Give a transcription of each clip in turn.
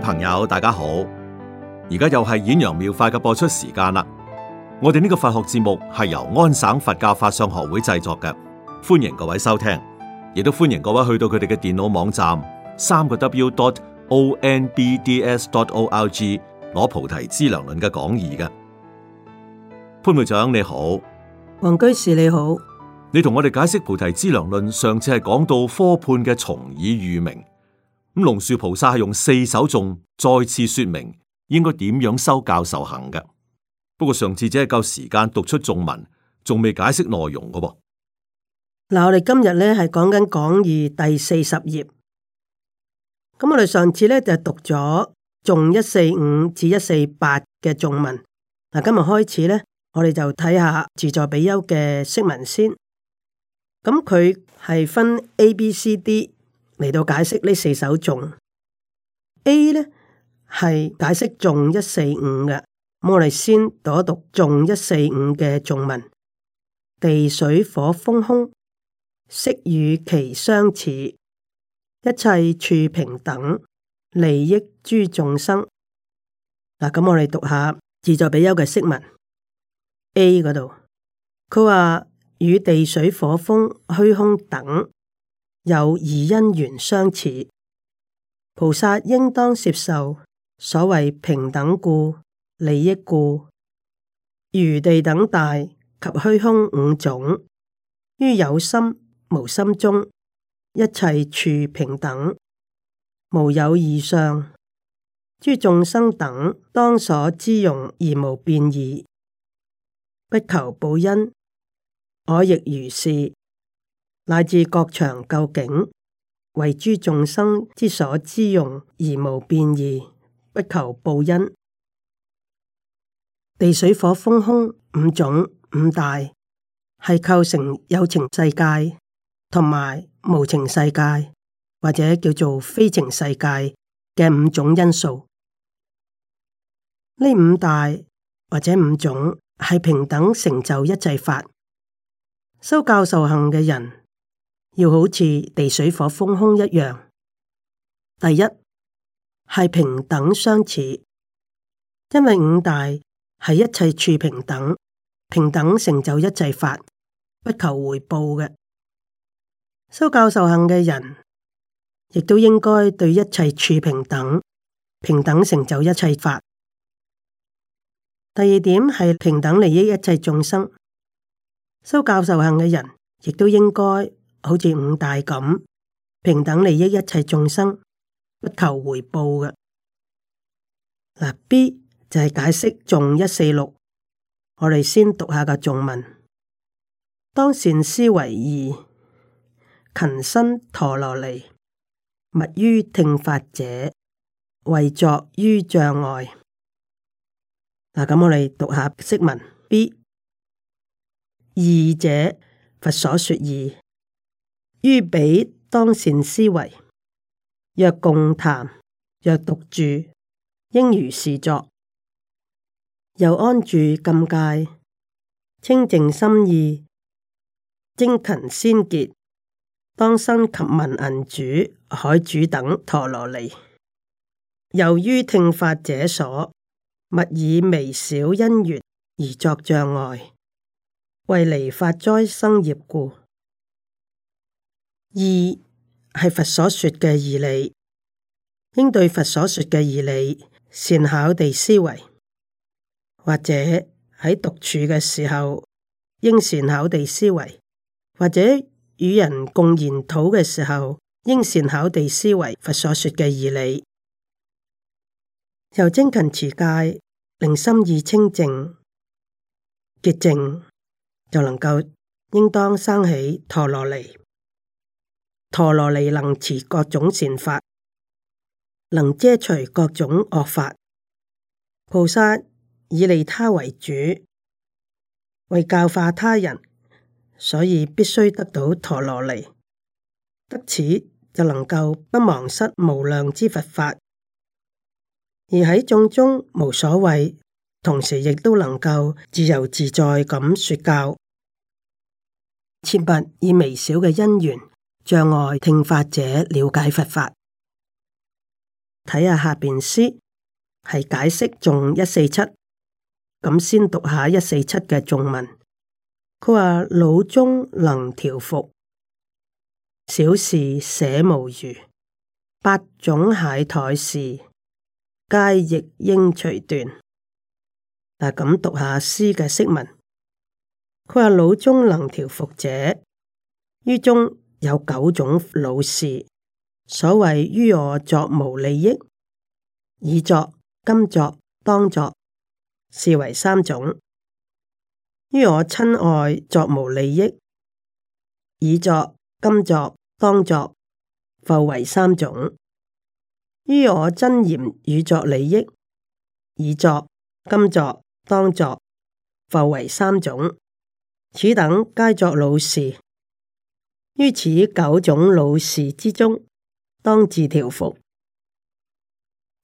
朋友，大家好！而家又係《顯揚妙法》嘅播出時間啦。我哋呢個佛學節目係由安省佛教法相學會製作嘅，歡迎各位收聽，亦都歡迎各位去到佢哋嘅電腦網站三個 W dot O N B D S dot O R G 攞《菩提資糧論》嘅講義嘅。潘會長你好，王居士你好，你同我哋解釋《菩提資糧論》，上次係講到科判嘅從以喻名。咁龍樹菩薩係用四首頌，再次說明應該點樣修教授行嘅。不過上次只係夠時間讀出頌文，仲未解釋內容噶噃。嗱，我哋今日咧，係講緊講義第四十頁。咁我哋上次咧就讀咗頌一四五至一四八嘅頌文。嗱，今日開始咧，我哋就睇下自在比丘嘅釋文先。咁佢係分 A、B、C、D。嚟到解釋呢四首頌 A 呢，係解釋頌一四五嘅。我哋先讀一讀頌一四五嘅頌文：地水火風空，識與其相似，一切處平等，利益諸眾生。嗱，咁我哋讀下自在比丘嘅釋文 A 嗰度，佢話與地水火風虛空等。有二因緣相似，菩薩應當接受。所謂平等故、利益故，如地等大及虛空五種，於有心無心中，一切處平等，無有異相。諸眾生等當所資用而無變異，不求報恩，我亦如是。乃至各場究竟，為諸眾生之所資用而無變異，不求報恩。地水火風空五種五大，係構成有情世界同埋無情世界或者叫做非情世界嘅五種因素。呢五大或者五種係平等成就一切法，修教受行嘅人。要好似地水火風空一樣，第一係平等相似，因為五大係一切處平等，平等成就一切法，不求回報嘅。修教授行嘅人，亦都應該對一切處平等，平等成就一切法。第二點係平等利益一切眾生，修教授行嘅人亦都應該，好似五大咁，平等利益一切眾生，不求回報嘅。嗱，B 就係解釋頌一四六，我哋先讀下個頌文。當善思維義，勤身陀羅尼，密於聽法者，為作於障礙。嗱，咁我哋讀下釋文 B。二者，佛所說義。於彼當善思維，若共談，若獨住，應如是作。又安住禁戒，清淨心意，精勤先結，當身及文銀主、海主等陀羅尼。由於聽法者所勿以微小因緣而作障礙，為離發災生業故。二係佛所說嘅義理，應對佛所說嘅義理善巧地思維，或者喺獨處嘅時候應善巧地思維，或者與人共研討嘅時候應善巧地思維佛所說嘅義理，由精勤持戒令心意清淨潔淨，就能夠應當生起陀羅尼。陀羅尼能持各種善法，能遮除各種惡法。菩薩以利他為主，為教化他人，所以必須得到陀羅尼。得此就能夠不忘失無量之佛法，而喺眾中無所謂，同時亦都能夠自由自在咁說教，切勿以微小嘅恩緣。障礙聽法者了解佛法，睇下下邊詩係解釋頌一四七，咁先讀一下一四七嘅頌文。佢話，老中能調伏，小事捨無餘。八種懈怠事，皆亦應隨斷。嗱、啊，咁讀下詩嘅釋文。佢話，老中能調伏者，於中。有九種惱事，所謂於我作無利益，已作今作當作，是為三種；於我親愛作無利益，已作今作當作，復為三種；於我怨憎與作利益，已作今作當作，復為三種。此等皆作惱事。於此九種老事之中，當自調伏。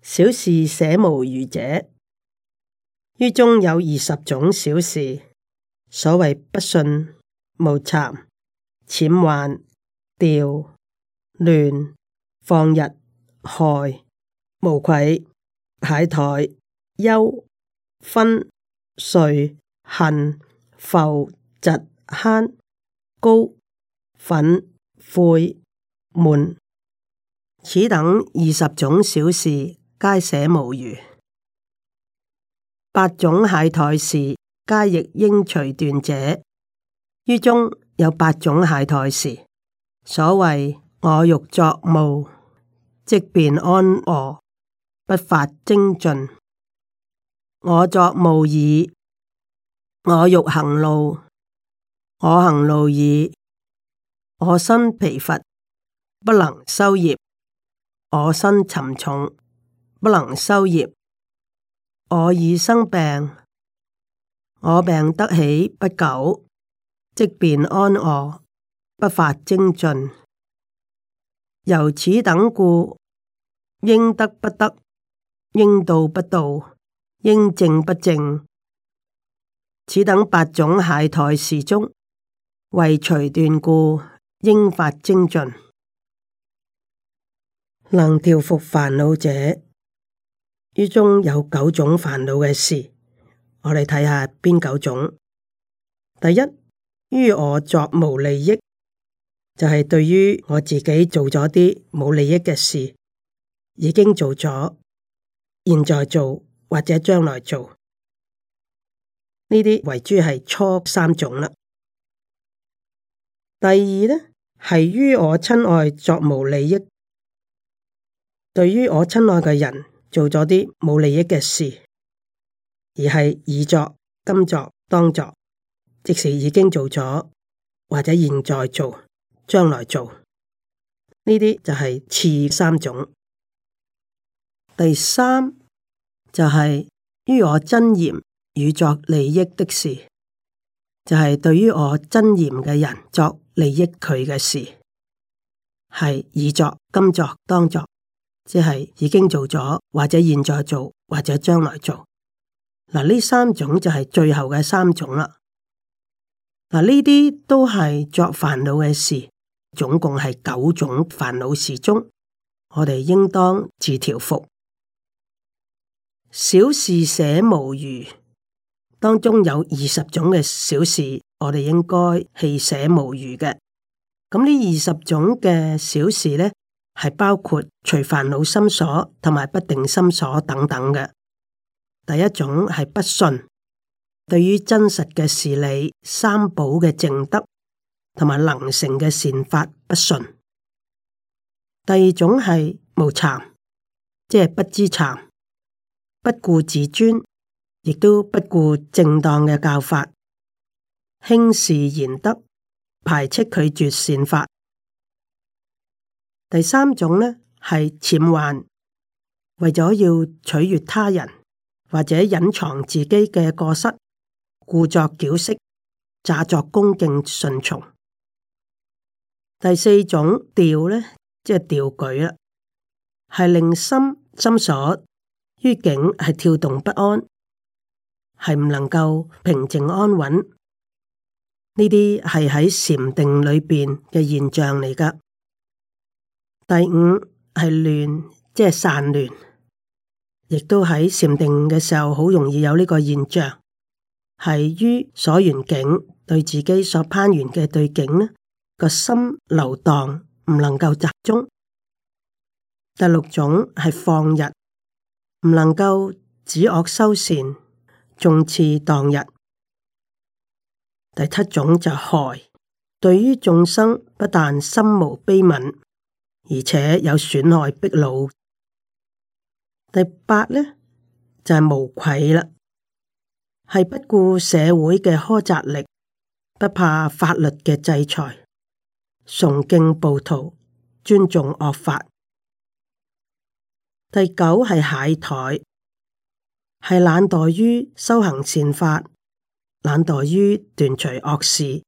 小事捨無餘者，於中有二十種小事，所謂不信、無慚、淺幻、調亂、放日、害無愧、懈怠、憂分、睡恨、浮窒、慳高。憤、悔、悶，此等二十種小事，皆寫無餘。八種懈怠事，皆亦應隨斷者。於中有八種懈怠事，所謂我欲作務，即便安臥，不發精進；我作務已，我欲行路，我行路已」。我身疲乏，不能修業；我身沉重，不能修業；我已生病，我病得起不久，即便安卧，不發精進。由此等故，應得不得，應道不道，應正不正，此等八種懈怠事中，為隨斷故。應發精進，能調伏煩惱者，於中有九種煩惱嘅事，我哋睇下邊九種。第一，於我作無利益，就係、是、對於我自己做咗啲冇利益嘅事，已經做咗，現在做或者將來做，呢啲為之係初三種啦。第二咧。係於我親愛作無利益，對於我親愛嘅人做咗啲冇利益嘅事，而係已作、今作、當作，即使已經做咗，或者現在做、將來做，呢啲就係次三種。第三就係、是、於我真言與作利益的事，就係、是、對於我真言嘅人作。利益佢嘅事係已作、今作、當作，即係已經做咗，或者現在做，或者將來做。嗱，呢三種就係最後嘅三種啦。嗱，呢啲都係作煩惱嘅事，總共係九種煩惱事中，我哋應當自調伏。小事寫無餘，當中有二十種嘅小事。我哋應該棄捨無餘嘅。咁呢二十種嘅小事呢，係包括除煩惱心所同埋不定心所等等嘅。第一種係不信，對於真實嘅事理、三寶嘅正德同埋能成嘅善法不信。第二種係無慚，即係不知慚，不顧自尊，亦都不顧正當嘅教法。輕視賢德，排斥拒絕善法。第三種咧係諂，為咗要取悦他人或者隱藏自己嘅過失，故作矯飾，詐作恭敬順從。第四種掉呢，即係掉舉啦，係令心心所於境係跳動不安，係唔能夠平靜安穩。呢啲係喺禪定裏邊嘅現象嚟噶。第五係亂，即係散亂，亦都喺禪定嘅時候好容易有呢個現象，係於所緣境，對自己所攀緣嘅對境呢個心流蕩，唔能夠集中。第六種係放逸，唔能夠止惡修善，縱恣蕩逸。第七種就害，對於眾生不但心無悲憫，而且有損害迫惱。第八呢，就係無愧啦，係不顧社會嘅苛責力，不怕法律嘅制裁，崇敬暴徒，尊重惡法。第九係懈怠，係懶惰於修行善法。懶惰於斷除惡事。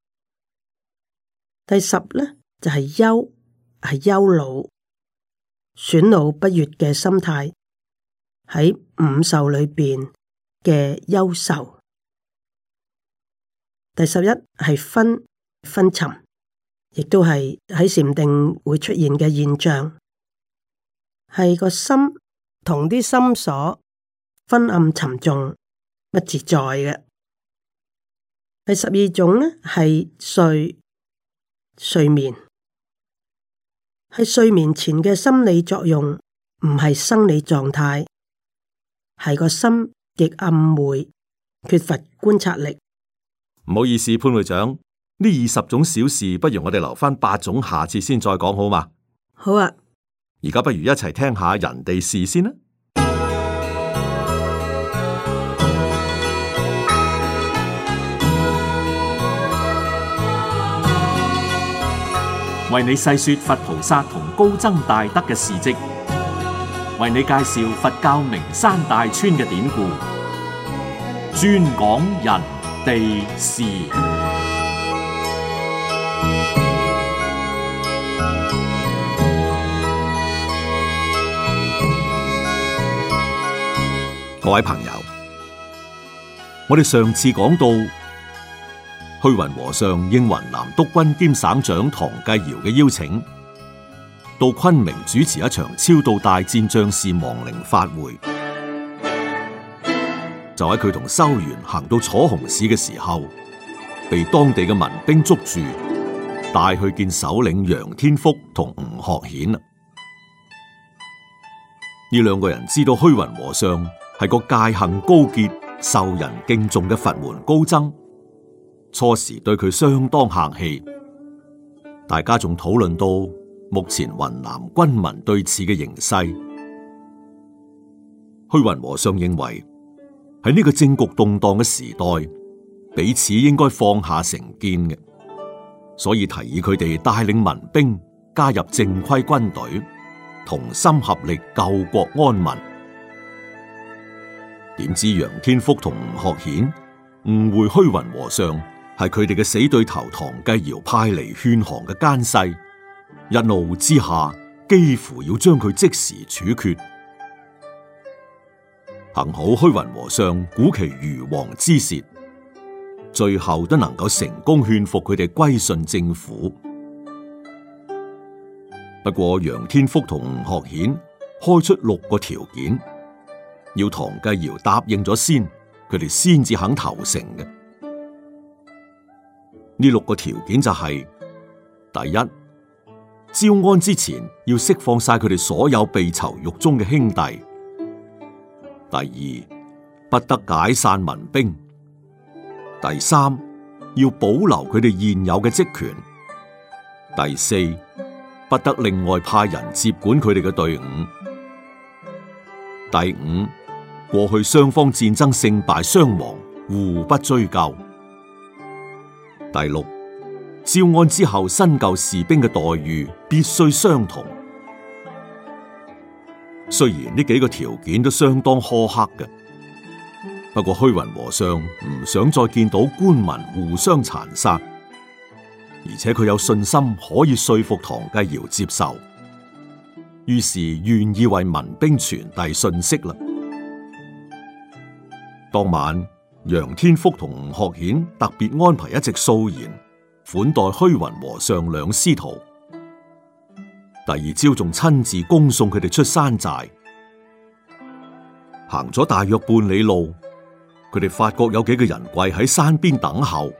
第十呢，就係憂，係憂惱、損惱不悦嘅心態，喺五受裏邊嘅憂受。第十一係昏昏沉，亦都係喺禪定會出現嘅現象，係個心同啲心所昏暗沉重，不自在嘅。第十二種咧，係睡、睡眠，喺睡眠前嘅心理作用，唔係生理狀態，係個心極暗昧，缺乏觀察力。唔好意思，潘會長，呢二十種小事，不如我哋留翻八種，下次先再講好嘛？好啊，而家不如一齊聽下人哋事先啦。為你細說佛菩薩同高僧大德嘅事跡，為你介紹佛教名山大川嘅典故，專講人地事。各位朋友，我哋上次講到。虛雲和尚應雲南督軍兼省長唐繼堯嘅邀請，到昆明主持一場超度大戰將士亡靈法會。就喺佢同修元行到楚雄市嘅時候，被當地嘅民兵捉住，帶去見首領楊天福同吳學顯。呢兩個人知道虛雲和尚係個戒行高潔、受人敬重嘅佛門高僧。初時對佢相當客氣，大家仲討論到目前雲南軍民對峙嘅形勢。虛雲和尚認為喺呢個政局動蕩嘅時代，彼此應該放下成見嘅，所以提議佢哋帶領民兵加入正規軍隊，同心合力救國安民。點知楊天福同吳學顯誤會虛雲和尚，係佢哋嘅死對頭唐繼堯派嚟勸降嘅奸細，一怒之下幾乎要將佢即時處決。幸好虛雲和尚鼓其如簧之舌，最後都能夠成功勸服佢哋歸順政府。不過楊天福同吳學顯開出六個條件，要唐繼堯答應咗先，佢哋先至肯投誠嘅。呢六個條件就係、是：第一，招安之前要釋放晒佢哋所有被囚獄中嘅兄弟；第二，不得解散民兵；第三，要保留佢哋現有嘅職權；第四，不得另外派人接管佢哋嘅隊伍；第五，過去雙方戰爭勝敗傷亡，互不追究。第六，招安之後新舊士兵嘅待遇必須相同。雖然呢幾個條件都相當苛刻嘅，不過虛雲和尚唔想再見到官民互相殘殺，而且佢有信心可以說服唐繼堯接受，於是願意為民兵傳遞訊息啦。當晚，楊天福同吳學顯特別安排一席素宴款待虛雲和尚兩師徒，第二朝仲親自恭送佢哋出山寨，行咗大約半里路，佢哋發覺有幾個人跪喺山邊等候，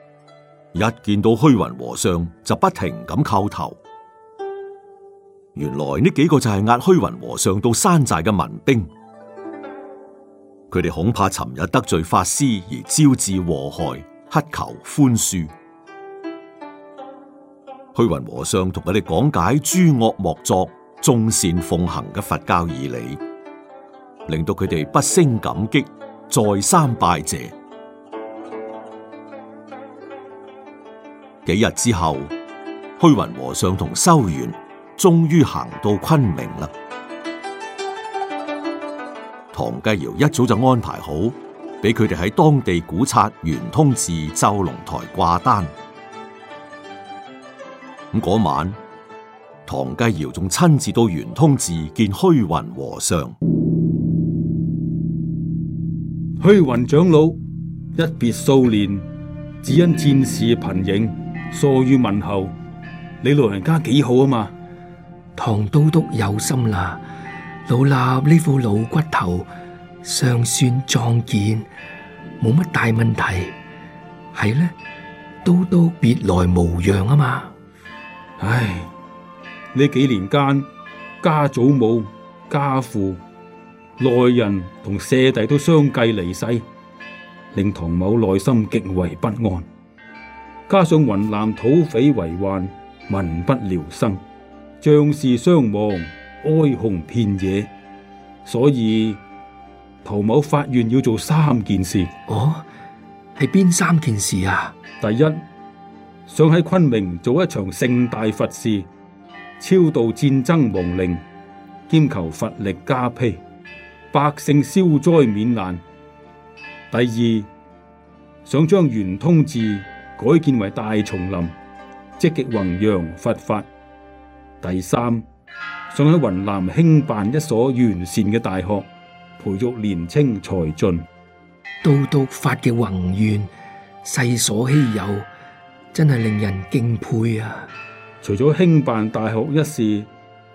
一見到虛雲和尚就不停咁叩頭，原來呢幾個就係押虛雲和尚到山寨嘅民兵。佢哋恐怕尋日得罪法師而招致禍害，乞求寬恕。虛雲和尚同佢哋講解諸惡莫作、眾善奉行嘅佛教義理，令到佢哋不勝感激，再三拜謝。幾日之後，虛雲和尚同修緣終於行到昆明啦。.唐繼堯一早就安排好，俾佢哋喺當地古刹圓通寺周龍台掛單。咁嗰晚，唐繼堯仲親自到圓通寺見虛雲和尚。虛雲長老一別數年，只因戰事頻仍，疏於問候。你老人家幾好啊嘛。唐都督有心啦。老衲呢副老骨頭尚算壯健，冇乜大問題。係呢，都都別來無恙啊嘛！唉，呢幾年間，家祖母、家父、內人同舍弟都相繼離世，令唐某內心極為不安。加上雲南土匪為患，民不聊生，將士傷亡。哀鴻遍野，所以陶某發願要做三件事。哦，係邊三件事啊？第一，想喺昆明做一場盛大佛事，超度戰爭亡靈，兼求佛力加庇，百姓消災免難。第二，想將圓通寺改建為大叢林，積極弘揚佛法。第三。仲喺雲南興辦一所完善嘅大學，培育年青才俊。度度法嘅宏願，世所稀有，真係令人敬佩啊！除咗興辦大學一事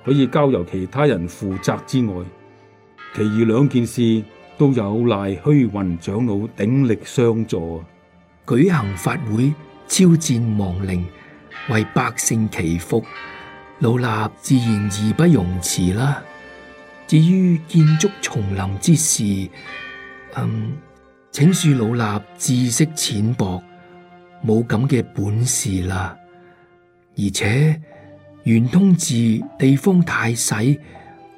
可以交由其他人負責之外，其餘兩件事都有賴虛雲長老鼎力相助。舉行法會，超薦亡靈，為百姓祈福。老衲自然義不容辭啦。至於建築叢林之事，嗯，請恕老衲知識淺薄，冇咁嘅本事啦。而且元通寺地方太細，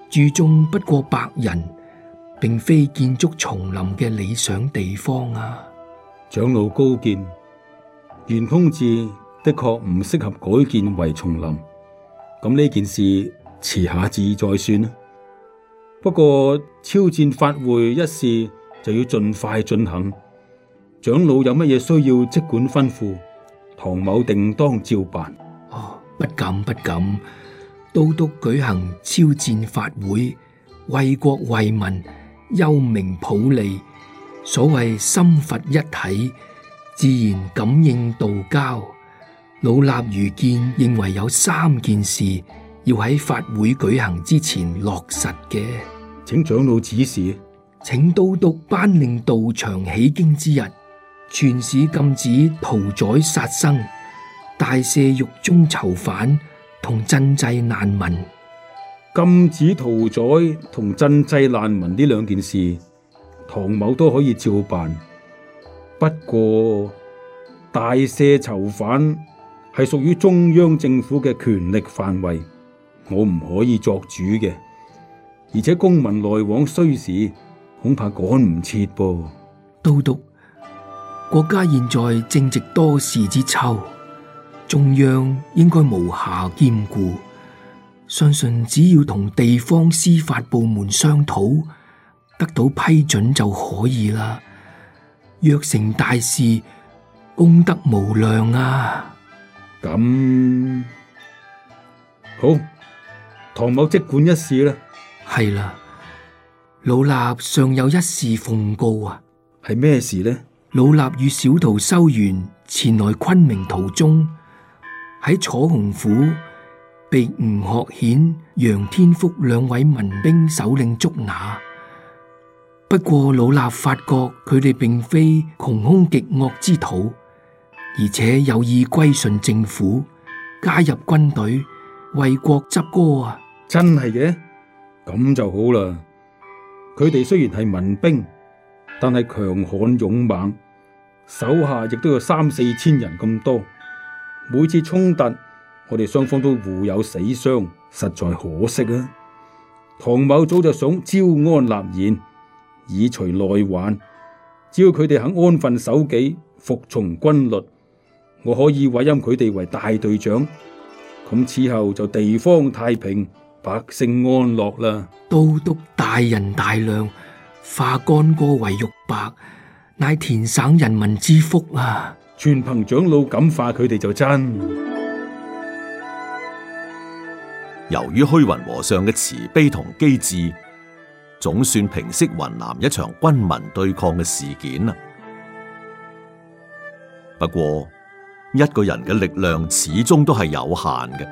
住眾不過百人，並非建築叢林嘅理想地方啊。長老高見，元通寺的確唔適合改建為叢林。咁呢件事遲下至再算啦。不過超戰法會一事就要盡快進行，長老有乜嘢需要即管吩咐，唐某定當照辦。哦，不敢不敢，都督舉行超戰法會，為國為民，幽明普利，所謂心佛一體，自然感應道交。老衲愚見，認為有三件事要喺法會舉行之前落實嘅。請長老指示。請都督頒令道場起經之日，全市禁止屠宰殺生，大赦獄中囚犯同賑濟難民。禁止屠宰同賑濟難民呢兩件事，唐某都可以照辦。不過大赦囚犯。係屬於中央政府嘅權力範圍，我唔可以作主嘅。而且公民來往需時，恐怕趕唔切噃。都督，國家現在正值多事之秋，中央應該無暇兼顧。相信只要同地方司法部門商討，得到批准就可以啦。若成大事，功德無量啊！咁、嗯、好，唐某即管一事啦。係啦，老衲尚有一事奉告啊。係咩事呢？老衲與小徒修緣，前來昆明途中，喺楚雄府被吳學顯、楊天福兩位民兵首領捉拿。不過老衲發覺佢哋並非窮凶極惡之徒。而且有意歸順政府，加入軍隊為國執戈啊！真係嘅，咁就好啦。佢哋雖然係民兵，但係強悍勇猛，手下亦都有三四千人咁多。每次衝突，我哋雙方都互有死傷，實在可惜啊！唐某早就想招安立言，以除內患。只要佢哋肯安分守己，服從軍律。我可以委任佢哋為大隊長，咁此後就地方太平、百姓安樂啦。都督大人大量，化干戈為玉帛，乃滇省人民之福啊！全憑長老感化佢哋就真。由於虛雲和尚嘅慈悲同機智，總算平息雲南一場軍民對抗嘅事件啊。不過。一個人嘅力量始終都係有限嘅。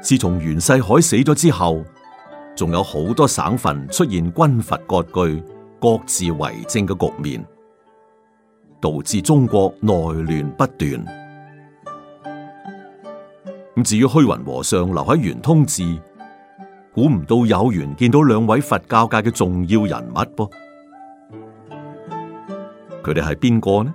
自從袁世凱死咗之後，仲有好多省份出現軍閥割據、各自為政嘅局面，導致中國內亂不斷。咁至於虛雲和尚留喺圓通寺，估唔到有緣見到兩位佛教界嘅重要人物噃，佢哋係邊個呢？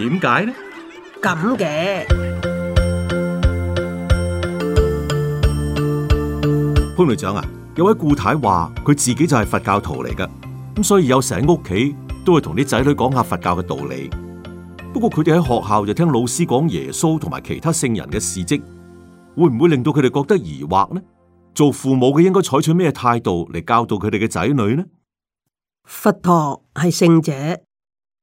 點解呢？咁嘅潘隊長啊，有位顧太話佢自己就係佛教徒嚟噶，咁所以有時喺屋企都會同啲仔女講下佛教嘅道理。不過佢哋喺學校就聽老師講耶穌同埋其他聖人嘅事跡，會唔會令到佢哋覺得疑惑呢？做父母嘅應該採取咩態度嚟教導佢哋嘅仔女呢？佛陀係聖者。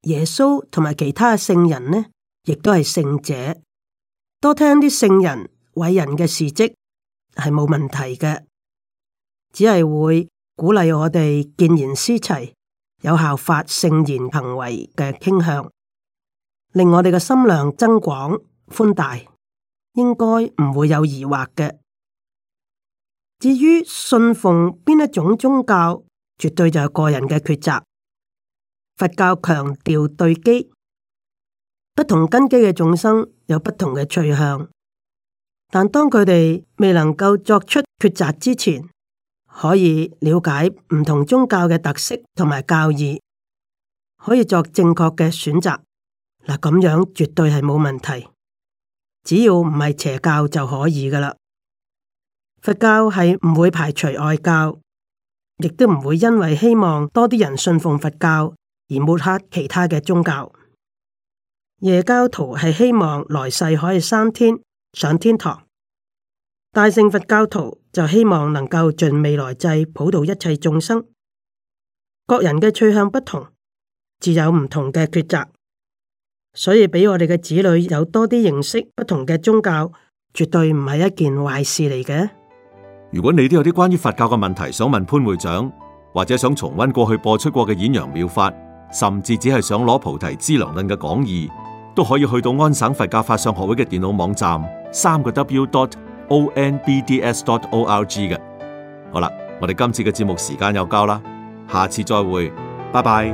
耶穌同埋其他聖人呢，亦都係聖者。多聽啲聖人偉人嘅事迹係冇問題嘅，只係會鼓勵我哋見賢思齊，有效法聖賢行為嘅傾向，令我哋嘅心量增廣寬大，應該唔會有疑惑嘅。至於信奉邊一種宗教，絕對就係個人嘅抉擇。佛教強調對機，不同根基嘅眾生有不同嘅趨向。但當佢哋未能夠作出抉擇之前，可以了解唔同宗教嘅特色同埋教義，可以作正確嘅選擇。嗱，咁樣絕對係冇問題，只要唔係邪教就可以噶啦。佛教係唔會排除外教，亦都唔會因為希望多啲人信奉佛教。而抹黑其他嘅宗教，耶教徒係希望來世可以生天上天堂，大乘佛教徒就希望能夠盡未來際普渡一切眾生。各人嘅趣向不同，自有唔同嘅抉擇，所以俾我哋嘅子女有多啲認識不同嘅宗教，絕對唔係一件壞事嚟嘅。如果你都有啲關於佛教嘅問題想問潘會長，或者想重溫過去播出過嘅《演揚妙法》。甚至只係想攞菩提資糧論嘅講義，都可以去到安省佛教法相學會嘅電腦網站，三個 w dot o n b d s dot o r g 嘅。好啦，我哋今次嘅節目時間又夠啦，下次再會，拜拜。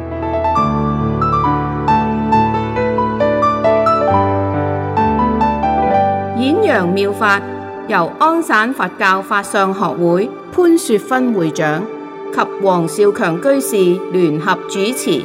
演揚妙法由安省佛教法相學會潘雪芬會長及黃少強居士聯合主持。